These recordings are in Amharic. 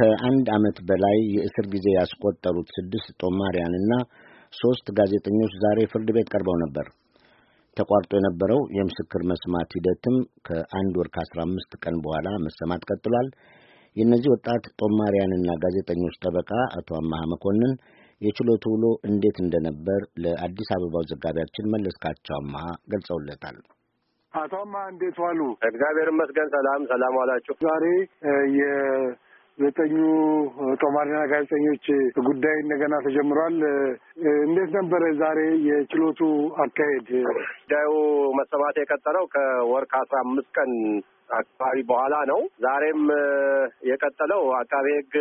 ከአንድ ዓመት በላይ የእስር ጊዜ ያስቆጠሩት ስድስት ጦማሪያንና ሦስት ጋዜጠኞች ዛሬ ፍርድ ቤት ቀርበው ነበር። ተቋርጦ የነበረው የምስክር መስማት ሂደትም ከአንድ ወር ከአስራ አምስት ቀን በኋላ መሰማት ቀጥሏል። የእነዚህ ወጣት ጦማሪያንና ጋዜጠኞች ጠበቃ አቶ አማሃ መኮንን የችሎቱ ውሎ እንዴት እንደነበር ለአዲስ አበባው ዘጋቢያችን መለስካቸው አማሃ ገልጸውለታል። አቶ አማሃ እንዴት ዋሉ? እግዚአብሔር ይመስገን። ሰላም ሰላም ዋላችሁ። ዛሬ ዘጠኙ ጦማሪና ጋዜጠኞች ጉዳይ እንደገና ተጀምሯል። እንዴት ነበረ ዛሬ የችሎቱ አካሄድ? ጉዳዩ መሰማት የቀጠለው ከወር ከአስራ አምስት ቀን አካባቢ በኋላ ነው። ዛሬም የቀጠለው አቃቤ ሕግ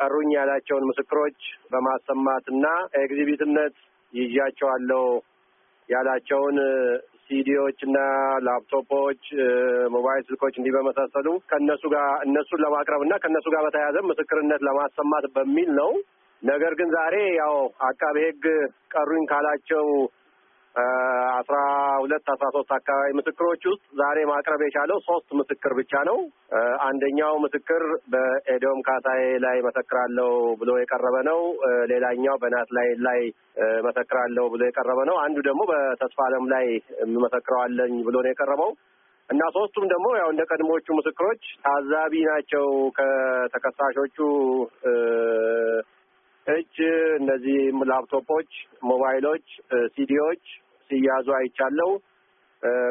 ቀሩኝ ያላቸውን ምስክሮች በማሰማት እና ኤግዚቢትነት ይዣቸዋለሁ ያላቸውን ሲዲዎች እና ላፕቶፖች፣ ሞባይል ስልኮች እንዲህ በመሳሰሉ ከእነሱ ጋር እነሱን ለማቅረብ እና ከእነሱ ጋር በተያያዘ ምስክርነት ለማሰማት በሚል ነው። ነገር ግን ዛሬ ያው አቃቤ ሕግ ቀሩኝ ካላቸው አስራ ሁለት አስራ ሶስት አካባቢ ምስክሮች ውስጥ ዛሬ ማቅረብ የቻለው ሶስት ምስክር ብቻ ነው። አንደኛው ምስክር በኤዶም ካሳዬ ላይ መሰክራለሁ ብሎ የቀረበ ነው። ሌላኛው በናት ላይ ላይ መሰክራለሁ ብሎ የቀረበ ነው። አንዱ ደግሞ በተስፋ አለም ላይ መሰክረዋለኝ ብሎ ነው የቀረበው እና ሶስቱም ደግሞ ያው እንደ ቀድሞቹ ምስክሮች ታዛቢ ናቸው ከተከሳሾቹ እጅ እነዚህ ላፕቶፖች፣ ሞባይሎች፣ ሲዲዎች ሲያዙ አይቻለው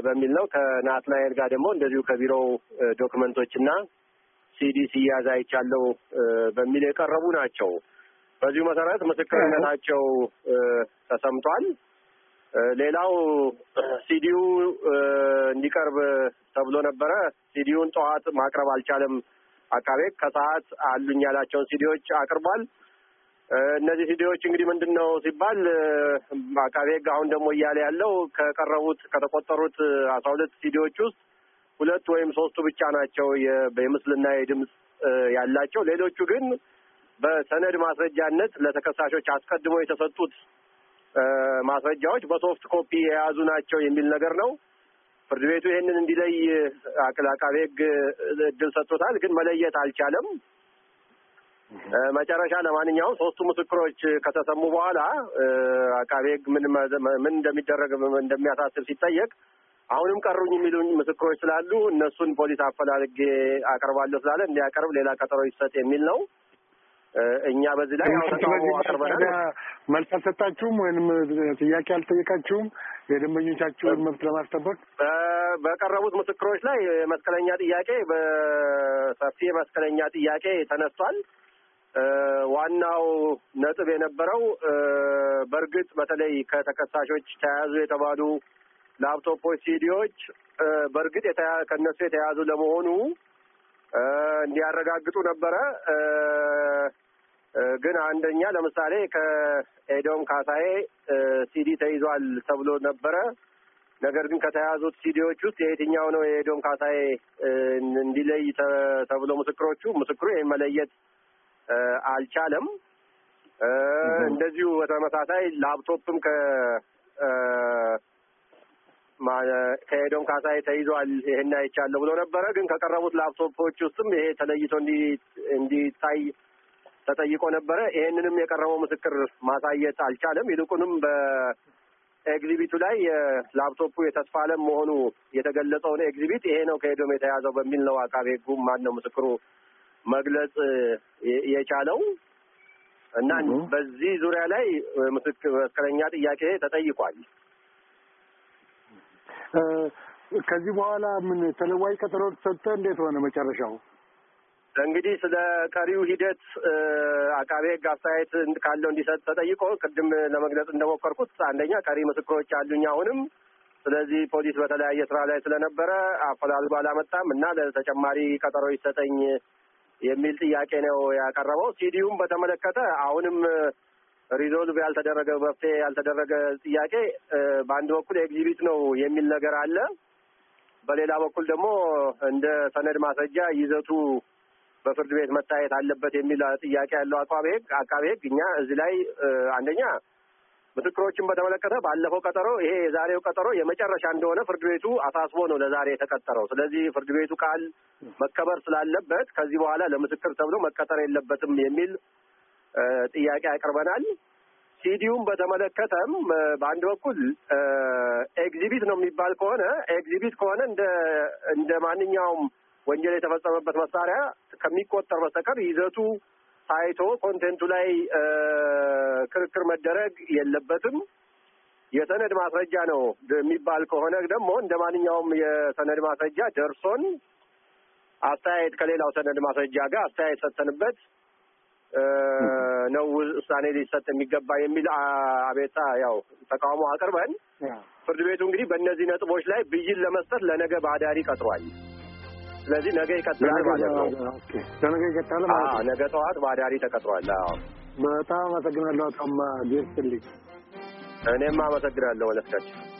በሚል ነው። ከናትናኤል ጋር ደግሞ እንደዚሁ ከቢሮው ዶክመንቶችና ሲዲ ሲያዝ አይቻለው በሚል የቀረቡ ናቸው። በዚሁ መሰረት ምስክርነታቸው ተሰምቷል። ሌላው ሲዲው እንዲቀርብ ተብሎ ነበረ። ሲዲውን ጠዋት ማቅረብ አልቻለም። አቃቤ ከሰዓት አሉኝ ያላቸውን ሲዲዎች አቅርቧል። እነዚህ ሲዲዎች እንግዲህ ምንድን ነው ሲባል አቃቤ ሕግ አሁን ደግሞ እያለ ያለው ከቀረቡት ከተቆጠሩት አስራ ሁለት ሲዲዎች ውስጥ ሁለት ወይም ሶስቱ ብቻ ናቸው የምስልና የድምፅ ያላቸው። ሌሎቹ ግን በሰነድ ማስረጃነት ለተከሳሾች አስቀድሞ የተሰጡት ማስረጃዎች በሶፍት ኮፒ የያዙ ናቸው የሚል ነገር ነው። ፍርድ ቤቱ ይህንን እንዲለይ አቃቤ ሕግ እድል ሰጥቶታል፣ ግን መለየት አልቻለም። መጨረሻ ለማንኛውም ሶስቱ ምስክሮች ከተሰሙ በኋላ አቃቤ ሕግ ምን ምን እንደሚደረግ እንደሚያሳስብ ሲጠየቅ አሁንም ቀሩኝ የሚሉኝ ምስክሮች ስላሉ እነሱን ፖሊስ አፈላልጌ አቀርባለሁ ስላለ እንዲያቀርብ ሌላ ቀጠሮ ይሰጥ የሚል ነው። እኛ በዚህ ላይ አቅርበናል። መልስ አልሰጣችሁም ወይም ጥያቄ አልጠየቃችሁም? የደንበኞቻችሁን መብት ለማስጠበቅ በቀረቡት ምስክሮች ላይ የመስቀለኛ ጥያቄ በሰፊ የመስቀለኛ ጥያቄ ተነስቷል። ዋናው ነጥብ የነበረው በእርግጥ በተለይ ከተከሳሾች ተያያዙ የተባሉ ላፕቶፖች፣ ሲዲዎች በእርግጥ ከእነሱ የተያያዙ ለመሆኑ እንዲያረጋግጡ ነበረ። ግን አንደኛ ለምሳሌ ከኤዶም ካሳዬ ሲዲ ተይዟል ተብሎ ነበረ። ነገር ግን ከተያዙት ሲዲዎች ውስጥ የየትኛው ነው የኤዶም ካሳዬ እንዲለይ ተብሎ ምስክሮቹ ምስክሩ ይህን መለየት አልቻለም። እንደዚሁ በተመሳሳይ ላፕቶፕም ከ ከሄዶም ካሳይ ተይዟል። ይሄን አይቻለሁ ብሎ ነበረ። ግን ከቀረቡት ላፕቶፖች ውስጥም ይሄ ተለይቶ እንዲታይ ተጠይቆ ነበረ። ይሄንንም የቀረበው ምስክር ማሳየት አልቻለም። ይልቁንም በኤግዚቢቱ ላይ ላፕቶፑ የተስፋ አለም መሆኑ የተገለጸውን ኤግዚቢት ይሄ ነው ከሄዶም የተያዘው በሚል ነው አቃቤ ሕጉም ማን ነው ምስክሩ መግለጽ የቻለው እና በዚህ ዙሪያ ላይ መስከረኛ ጥያቄ ተጠይቋል። ከዚህ በኋላ ምን ተለዋጭ ቀጠሮ ተሰጠ? እንዴት ሆነ መጨረሻው? እንግዲህ ስለ ቀሪው ሂደት አቃቤ ሕግ አስተያየት ካለው እንዲሰጥ ተጠይቆ ቅድም ለመግለጽ እንደሞከርኩት አንደኛ ቀሪ ምስክሮች አሉኝ አሁንም ስለዚህ ፖሊስ በተለያየ ስራ ላይ ስለነበረ አፈላልጎ አላመጣም እና ለተጨማሪ ቀጠሮ ይሰጠኝ የሚል ጥያቄ ነው ያቀረበው። ሲዲዩም በተመለከተ አሁንም ሪዞልቭ ያልተደረገ መፍትሄ ያልተደረገ ጥያቄ በአንድ በኩል ኤግዚቢት ነው የሚል ነገር አለ። በሌላ በኩል ደግሞ እንደ ሰነድ ማስረጃ ይዘቱ በፍርድ ቤት መታየት አለበት የሚል ጥያቄ ያለው አቃቤ ሕግ አቃቤ ሕግ እኛ እዚህ ላይ አንደኛ ምስክሮችን በተመለከተ ባለፈው ቀጠሮ ይሄ የዛሬው ቀጠሮ የመጨረሻ እንደሆነ ፍርድ ቤቱ አሳስቦ ነው ለዛሬ የተቀጠረው። ስለዚህ ፍርድ ቤቱ ቃል መከበር ስላለበት ከዚህ በኋላ ለምስክር ተብሎ መቀጠር የለበትም የሚል ጥያቄ ያቀርበናል። ሲዲውን በተመለከተም በአንድ በኩል ኤግዚቢት ነው የሚባል ከሆነ ኤግዚቢት ከሆነ እንደ እንደ ማንኛውም ወንጀል የተፈጸመበት መሳሪያ ከሚቆጠር በስተቀር ይዘቱ አይቶ ኮንቴንቱ ላይ ክርክር መደረግ የለበትም። የሰነድ ማስረጃ ነው የሚባል ከሆነ ደግሞ እንደ ማንኛውም የሰነድ ማስረጃ ደርሶን አስተያየት ከሌላው ሰነድ ማስረጃ ጋር አስተያየት ሰጠንበት ነው ውሳኔ ሊሰጥ የሚገባ የሚል አቤታ ያው ተቃውሞ አቅርበን ፍርድ ቤቱ እንግዲህ በእነዚህ ነጥቦች ላይ ብይን ለመስጠት ለነገ ባዳሪ ቀጥሯል። ስለዚህ ነገ ይቀጥላል ማለት ነው። ለነገ ይቀጥላል ማለት ነው። ነገ ጠዋት በአዳሪ ተቀጥሯል። በጣም አመሰግናለሁ። ጣማ ዴርስልኝ እኔም አመሰግናለሁ መለስካቸው።